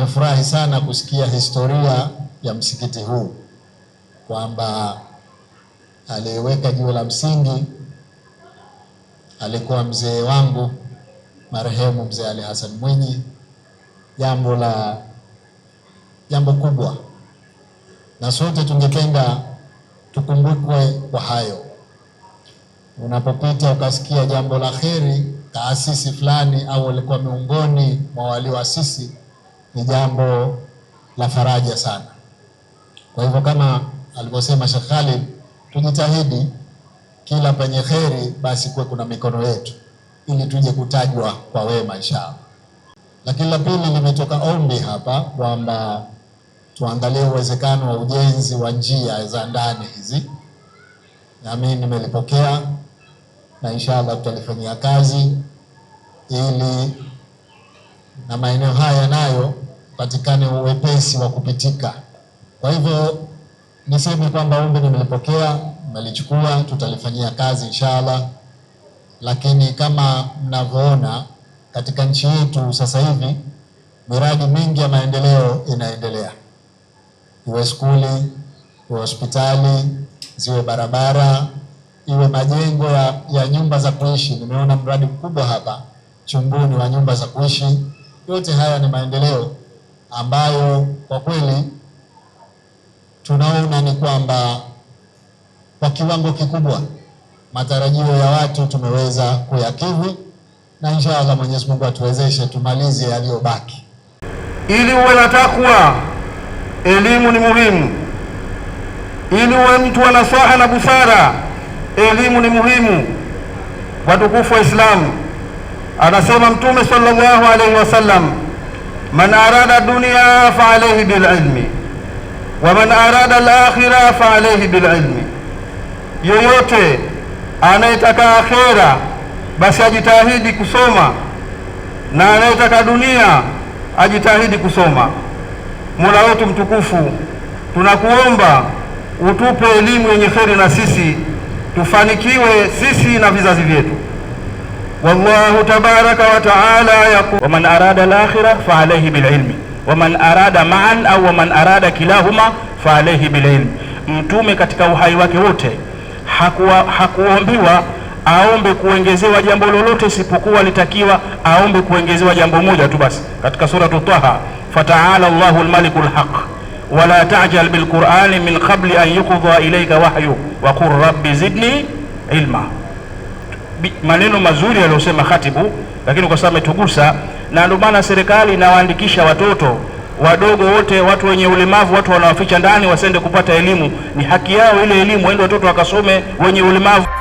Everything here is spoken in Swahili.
Nafurahi sana kusikia historia ya msikiti huu kwamba aliyeweka jiwe la msingi alikuwa mzee wangu marehemu mzee Ali Hassan Mwinyi. Jambo la jambo kubwa, na sote tungependa tukumbukwe kwa hayo. Unapopita ukasikia jambo la kheri, taasisi fulani au alikuwa miongoni mwa walioasisi ni jambo la faraja sana. Kwa hivyo kama alivyosema Sheikh Khalid, tujitahidi kila penye kheri basi kuwe kuna mikono yetu ili tuje kutajwa kwa wema inshallah. Lakini la pili, limetoka ombi hapa kwamba tuangalie uwezekano wa ujenzi wa njia za ndani hizi, mimi nimelipokea na inshallah tutalifanyia kazi ili na maeneo haya nayo patikane uwepesi wa kupitika. Kwa hivyo niseme kwamba ombi nimelipokea, nimelichukua, tutalifanyia kazi inshallah, lakini kama mnavyoona katika nchi yetu sasa hivi miradi mingi ya maendeleo inaendelea, iwe skuli, iwe hospitali, ziwe barabara, iwe majengo ya, ya nyumba za kuishi. Nimeona mradi mkubwa hapa Chumbuni wa nyumba za kuishi. Yote haya ni maendeleo ambayo kwa kweli tunaona ni kwamba kwa kiwango kikubwa matarajio ya watu tumeweza kuyakidhi, na inshallah Mwenyezi Mungu atuwezeshe tumalize yaliyobaki ili uwe na takwa. Elimu ni muhimu ili uwe mtu wa nasaha na busara. Elimu ni muhimu. Watukufu wa Islamu, anasema Mtume sallallahu alaihi wasallam man arada dunya fa alayhi bil ilmi wa man arada al akhira fa alayhi bil ilmi, yoyote anayetaka akhera basi ajitahidi kusoma na anayetaka dunia ajitahidi kusoma. Mola wetu mtukufu, tunakuomba utupe elimu yenye kheri na sisi tufanikiwe sisi na vizazi vyetu. والله تبارك وتعالى يقول ومن waman arada فعليه بالعلم ومن waman معا maan au waman كلاهما فعليه بالعلم bililmi. Mtume katika uhai wake wote hakuombiwa aombe kuongezewa jambo lolote, isipokuwa litakiwa aombe kuongezewa jambo moja tu basi, katika suratu Taha, fataala Allahu almalikul haq wala tajal bilqurani min qabli an yuqda ilayka wahyu wa qur rabbi zidni ilma maneno mazuri aliyosema khatibu, lakini kwa sababu ametugusa, na ndio maana serikali inawaandikisha watoto wadogo wote, watu wenye ulemavu, watu wanawaficha ndani, wasende kupata elimu. Ni haki yao ile elimu, waende watoto wakasome wenye ulemavu.